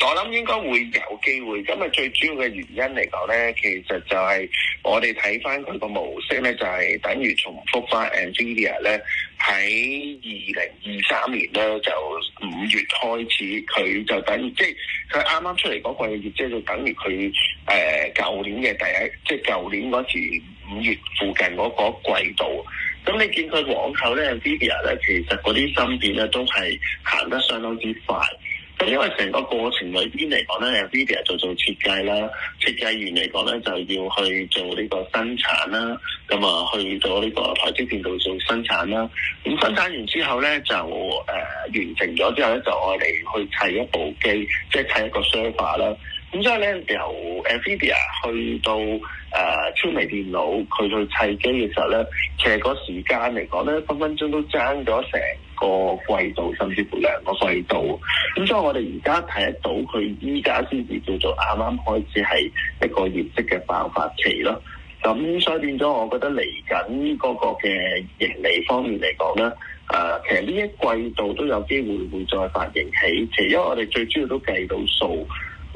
我諗應該會有機會，咁啊最主要嘅原因嚟講咧，其實就係我哋睇翻佢個模式咧，就係、是、等於重複翻。Nvidia 咧喺二零二三年咧，就五月開始，佢就等，即係佢啱啱出嚟嗰個月，即係等於佢誒舊年嘅第一，即係舊年嗰時五月附近嗰個季度。咁你見佢往後咧 Nvidia 咧，其實嗰啲芯片咧都係行得相當之快。因為成個過程裏邊嚟講咧，Nvidia 做做設計啦，設計員嚟講咧就要去做呢個生產啦，咁啊去咗呢個台積電度做生產啦。咁生產完之後咧，就誒、呃、完成咗之後咧，就我嚟去砌一部機，即係砌一個 server 啦。咁所以咧，由 Nvidia 去到誒、呃、超微電腦，佢去砌機嘅時候咧，其實嗰時間嚟講咧，分分鐘都爭咗成。個季度，甚至乎兩個季度，咁、嗯、所以我哋而家睇得到佢依家先至叫做啱啱開始係一個業績嘅爆發期咯。咁、嗯、所以變咗，我覺得嚟緊嗰個嘅盈利方面嚟講咧，誒、啊，其實呢一季度都有機會會再發盈喜，其實因為我哋最主要都計到數，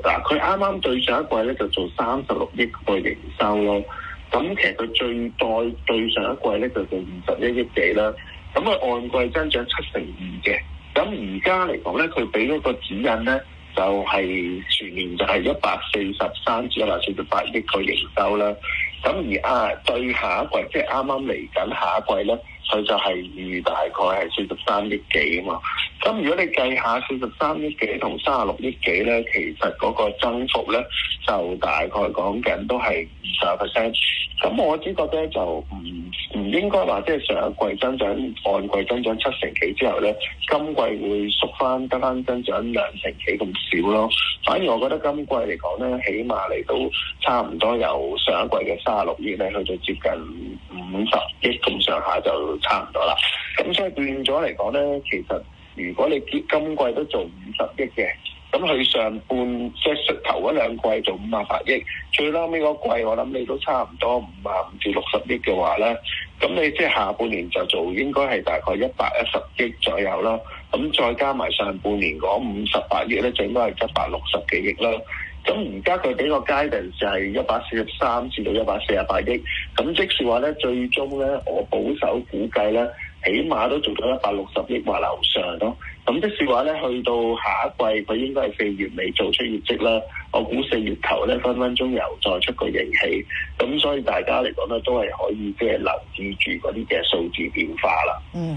嗱、啊，佢啱啱對上一季咧就做三十六億個營收咯，咁、嗯、其實佢最再對上一季咧就做二十一億幾啦。咁佢按季增長七成二嘅，咁而家嚟講咧，佢俾嗰個指引咧，就係、是、全年就係一百四十三至一百四十八億個營收啦。咁、嗯、而啊，對下一季，即係啱啱嚟緊下一季咧，佢就係預大概係四十三億幾啊嘛。咁如果你計下四十三億幾同三十六億幾咧，其實嗰個增幅咧就大概講緊都係二十 percent。咁我只覺得就唔唔應該話即係上一季增長按季增長七成幾之後咧，今季會縮翻得翻增長兩成幾咁少咯。反而我覺得今季嚟講咧，起碼嚟到差唔多由上一季嘅三十六億咧，去到接近五十億咁上下就差唔多啦。咁所以變咗嚟講咧，其實～如果你今季都做五十億嘅，咁佢上半即係出頭嗰兩季做五啊八億，最撈尾嗰季我諗你都差唔多五啊五至六十億嘅話咧，咁你即係下半年就做應該係大概一百一十億左右啦。咁再加埋上,上半年嗰五十八億咧，最多係一百六十幾億啦。咁而家佢俾個 guidance 就係一百四十三至到一百四十八億。咁即係話咧，最終咧我保守估計咧。起碼都做到一百六十億或樓上咯，咁即是話咧，去到下一季佢應該係四月尾做出業績啦。我估四月頭咧，分分鐘又再出個盈喜，咁所以大家嚟講咧，都係可以即係留意住嗰啲嘅數字變化啦。嗯。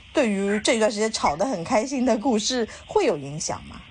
對於這段時間炒得很開心的故事，會有影響嗎？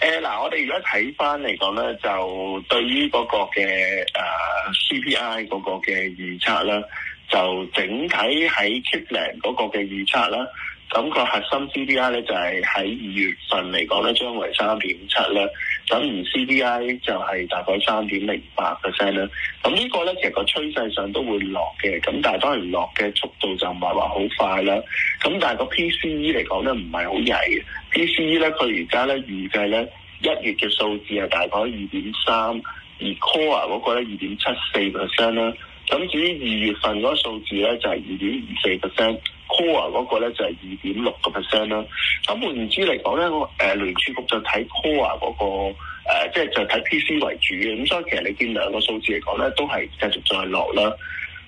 誒，嗱，我哋而家睇翻嚟講咧，就對於嗰個嘅誒、呃、CPI 嗰個嘅預測咧，就整體喺 Kipling 嗰個嘅預測啦。咁個核心 CPI 咧就係喺二月份嚟講咧將為三點七啦，咁而 CPI 就係大概三點零八 percent 啦。咁呢個咧其實個趨勢上都會落嘅，咁但係當然落嘅速度就唔係話好快啦。咁但係個 PCE 嚟講咧唔係好曳嘅，PCE 咧佢而家咧預計咧一月嘅數字係大概二點三，而 core 嗰個咧二點七四 percent 啦。咁至於二月份嗰個數字咧就係二點二四 percent。Core 嗰個咧就係二點六個 percent 啦，咁換言之嚟講咧，誒聯儲局就睇 Core 嗰、那個即係就睇、是、PC 為主嘅，咁所以其實你見兩個數字嚟講咧，都係繼續再落啦。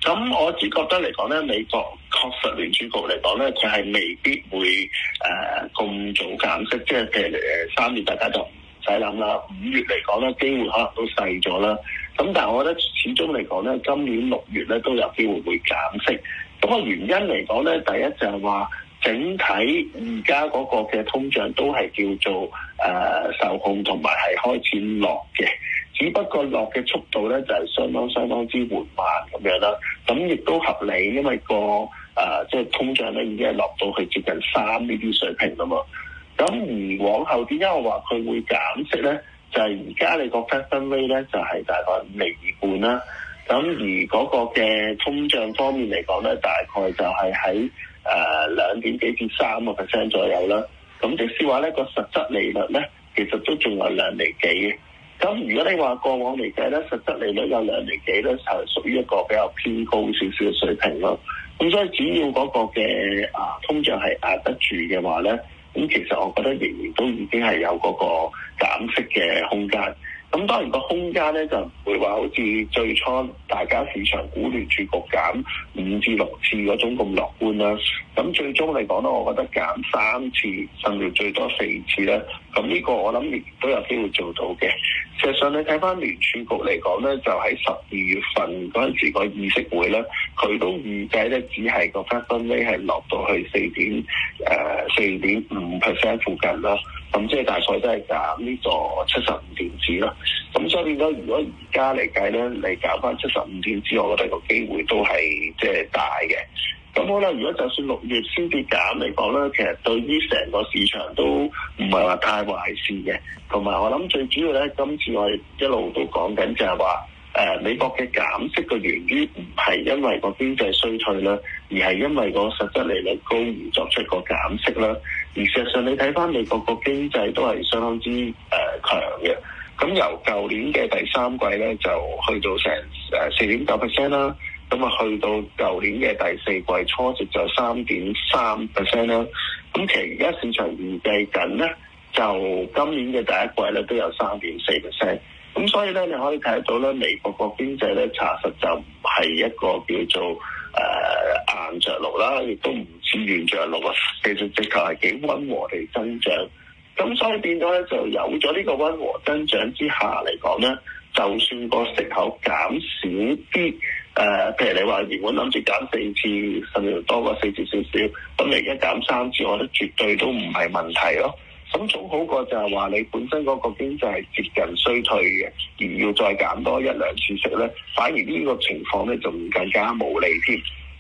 咁我自覺得嚟講咧，美國確實聯儲局嚟講咧，佢係未必會誒咁、呃、早減息，即係譬如誒三月大家就唔使諗啦，五月嚟講咧機會可能都細咗啦。咁但係我覺得始終嚟講咧，今年六月咧都有機會會減息。咁個原因嚟講咧，第一就係話整體而家嗰個嘅通脹都係叫做誒、呃、受控同埋係開始落嘅，只不過落嘅速度咧就係、是、相當相當之緩慢咁樣啦。咁亦都合理，因為、那個誒、呃、即係通脹咧已經係落到去接近三呢啲水平㗎嘛。咁而往後點解我話佢會減息咧？就係而家你個七分位咧就係、是、大概五厘二半啦。咁而嗰個嘅通脹方面嚟講咧，大概就係喺誒兩點幾至三個 percent 左右啦。咁即使話咧個實質利率咧，其實都仲有兩厘幾嘅。咁如果你話過往嚟計咧，實質利率有兩厘幾咧，就屬於一個比較偏高少少嘅水平咯。咁所以只要嗰個嘅啊通脹係壓得住嘅話咧，咁其實我覺得仍然都已經係有嗰個減息嘅空間。咁當然個空間咧就唔會話好似最初大家市場估聯儲局減五至六次嗰種咁樂觀啦、啊。咁最終嚟講咧，我覺得減三次甚至最多四次啦。咁呢個我諗亦都有機會做到嘅。事實上你睇翻聯儲局嚟講咧，就喺十二月份嗰陣時議個議息會咧，佢都預計咧只係個 percent rate 係落到去四點誒四點五 percent 附近啦。咁即係大概都係減呢座七十五點子啦。咁所以變咗，如果而家嚟計咧，你減翻七十五點子，我覺得個機會都係即係大嘅。咁好啦，如果就算六月先跌減嚟講咧，其實對於成個市場都唔係話太壞事嘅。同埋我諗最主要咧，今次我一路都講緊就係話，誒、呃、美國嘅減息嘅原因唔係因為個經濟衰退啦，而係因為個實質利率高而作出個減息啦。而實際上，你睇翻美國個經濟都係相當之誒強嘅。咁由舊年嘅第三季咧，就去到成誒四點九 percent 啦。咁啊，去到舊年嘅第四季初值就三點三 percent 啦。咁其實而家市場預計緊咧，就今年嘅第一季咧都有三點四 percent。咁所以咧，你可以睇得到咧，美國個經濟咧，查實就唔係一個叫做誒、呃着陸啦，亦都唔似完着陸啊。其實直頭係幾温和地增長，咁所以變咗咧就有咗呢個温和增長之下嚟講咧，就算個息口減少啲，誒、呃，譬如你話原本諗住減四次，甚至多過四次少少，咁你一減三次，我覺得絕對都唔係問題咯。咁總好過就係話你本身嗰個經濟接近衰退嘅，而要再減多一兩次息咧，反而呢個情況咧仲更加無利添。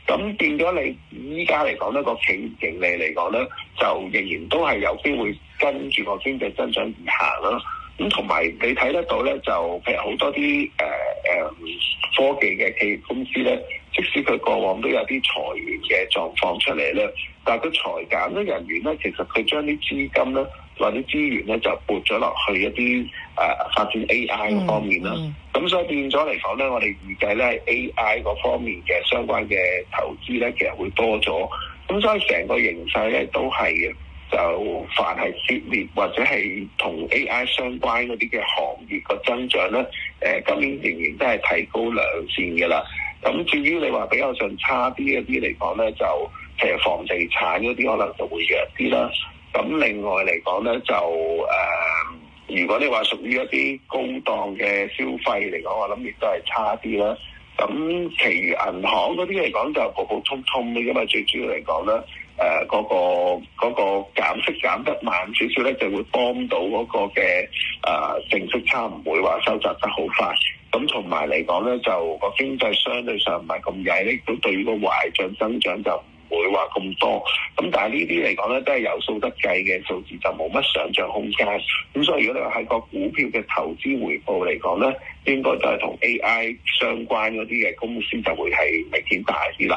咁變咗你依家嚟講呢，呢個企業盈利嚟講咧，就仍然都係有機會跟住個經濟增長而行啦、啊。咁同埋你睇得到咧，就譬如好多啲誒誒科技嘅企業公司咧。即使佢過往都有啲裁員嘅狀況出嚟咧，但係個裁減嘅人員咧，其實佢將啲資金咧或者資源咧就撥咗落去一啲誒、呃、發展 AI 方面啦。咁、嗯嗯、所以變咗嚟講咧，我哋預計咧 AI 嗰方面嘅相關嘅投資咧，其實會多咗。咁所以成個形勢咧都係就凡係涉獵或者係同 AI 相關嗰啲嘅行業個增長咧，誒今年仍然都係提高兩線㗎啦。咁至於你話比較上差啲一啲嚟講咧，就其實房地產嗰啲可能就會弱啲啦。咁另外嚟講咧，就誒、呃，如果你話屬於一啲高檔嘅消費嚟講，我諗亦都係差啲啦。咁，其餘銀行嗰啲嚟講就普普通通嘅，因為最主要嚟講咧，誒、呃、嗰、嗰個嗰、嗰個、減息減得慢少少咧，就會幫到嗰個嘅誒淨息差唔會話收窄得好快。咁同埋嚟講咧，就個經濟相對上唔係咁曳，咧都對於個壞賬增長就唔會話咁多。咁但係呢啲嚟講咧，都係有數得計嘅數字，就冇乜想像空間。咁所以如果你話喺個股票嘅投資回報嚟講咧，應該就係同 A I 相關嗰啲嘅公司就會係明顯大啲啦。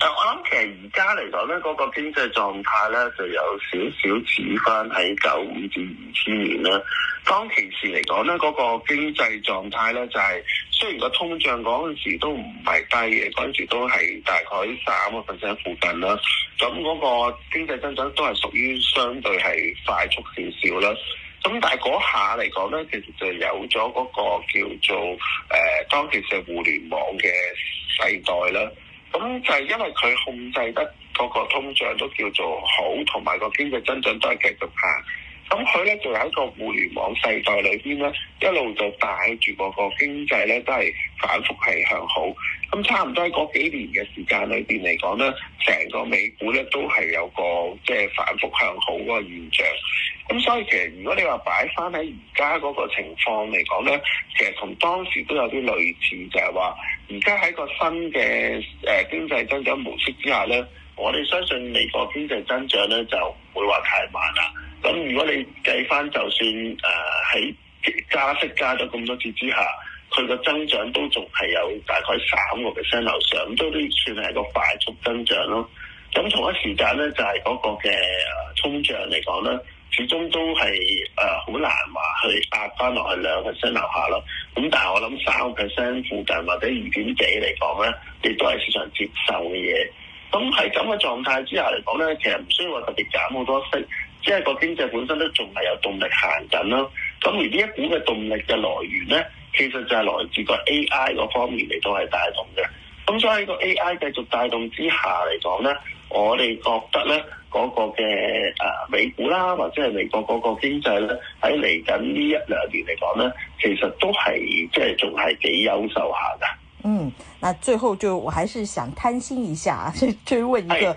誒，我諗其實而家嚟講咧，嗰、那個經濟狀態咧就有少少似翻喺九五至二千年啦。當其時嚟講咧，嗰、那個經濟狀態咧就係、是、雖然個通脹嗰陣時都唔係低嘅，嗰陣時都係大概三個 percent 附近啦。咁、那、嗰個經濟增長都係屬於相對係快速少少啦。咁但係嗰下嚟講咧，其實就有咗嗰個叫做誒、呃，當其時係互聯網嘅世代啦。咁就係因為佢控制得嗰個通脹都叫做好，同埋個經濟增長都係繼續下。咁佢咧就喺個互聯網世代裏邊咧，一路就帶住個個經濟咧都係反覆係向好。咁差唔多喺嗰幾年嘅時間裏邊嚟講咧，成個美股咧都係有個即係反覆向好嗰個現象。咁所以其實如果你話擺翻喺而家嗰個情況嚟講咧，其實同當時都有啲類似，就係話而家喺個新嘅誒經濟增長模式之下咧，我哋相信美國經濟增長咧就唔會話太慢啦。咁如果你計翻，就算誒喺加息加咗咁多次之下，佢個增長都仲係有大概三個 percent 樓上，都都算係個快速增長咯。咁同一時間咧，就係、是、嗰個嘅通脹嚟講咧，始終都係誒好難話去壓翻落去兩個 percent 樓下咯。咁但係我諗三個 percent 附近或者二點幾嚟講咧，亦都係市場接受嘅嘢。咁喺咁嘅狀態之下嚟講咧，其實唔需要話特別減好多息。即係個經濟本身都仲係有動力行緊咯，咁而呢一股嘅動力嘅來源咧，其實就係來自個 AI 嗰方面嚟到係帶動嘅。咁所以喺個 AI 繼續帶動之下嚟講咧，我哋覺得咧嗰個嘅誒美股啦，或者係美國嗰個經濟咧，喺嚟緊呢一兩年嚟講咧，其實都係即係仲係幾優秀下㗎。嗯，嗱，最後就，我還是想貪心一下，去追問一個。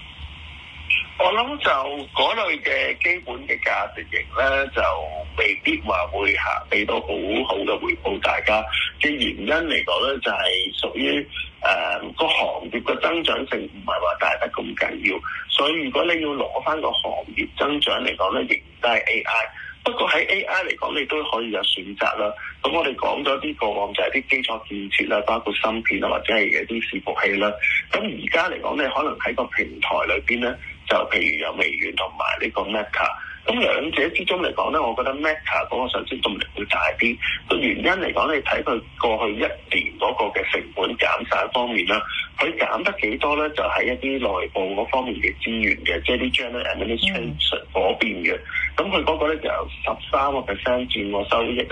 我諗就嗰類嘅基本嘅價值型咧，就未必話會嚇俾到好好嘅回報。大家嘅原因嚟講咧，就係、是、屬於誒、呃那個行業嘅增長性唔係話大得咁緊要。所以如果你要攞返個行業增長嚟講咧，亦都係 A I。不過喺 A I 嚟講，你都可以有選擇啦。咁我哋講咗啲個案就係、是、啲基礎建設啦，包括芯片啊，或者係啲伺服器啦。咁而家嚟講你可能喺個平台裏邊咧。就譬如有微軟同埋呢個 Meta，咁兩者之中嚟講咧，我覺得 Meta 嗰個上升動力會大啲。個原因嚟講，你睇佢過去一年嗰個嘅成本減省方面啦，佢減得幾多咧？就喺一啲內部嗰方面嘅資源嘅，即係啲 general administration 嗰邊嘅。咁佢嗰個咧就由十三個 percent 轉個收益咧，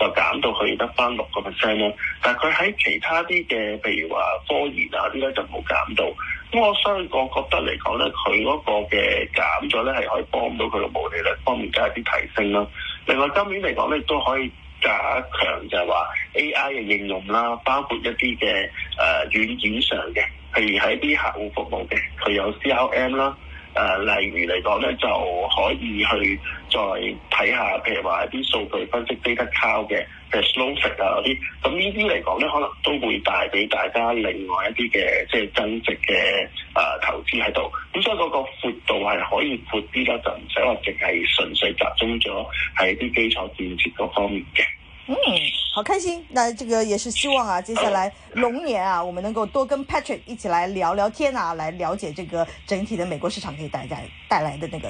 就減到佢得翻六個 percent 咯。但係佢喺其他啲嘅，譬如話科研啊啲咧，就冇減到。咁我相，我覺得嚟講咧，佢嗰個嘅減咗咧，係可以幫到佢嘅毛利率方面加一啲提升啦。另外今年嚟講咧，亦都可以加強就係話 AI 嘅應用啦，包括一啲嘅誒軟件上嘅，譬如喺啲客戶服務嘅，佢有 CRM 啦。誒，uh, 例如嚟講咧，就可以去再睇下，譬如話啲數據分析、Data Cloud 嘅，譬如 Snowflake 啊嗰啲，咁呢啲嚟講咧，可能都會帶俾大家另外一啲嘅即係增值嘅誒、呃、投資喺度，咁所以嗰個闊度係可以闊啲啦，就唔使話淨係純粹集中咗喺啲基礎建設嗰方面嘅。嗯，好開心。那這個也是希望啊，接下來龍年啊，我們能夠多跟 Patrick 一起來聊聊天啊，來了解這個整體的美國市場給大家帶來的那個。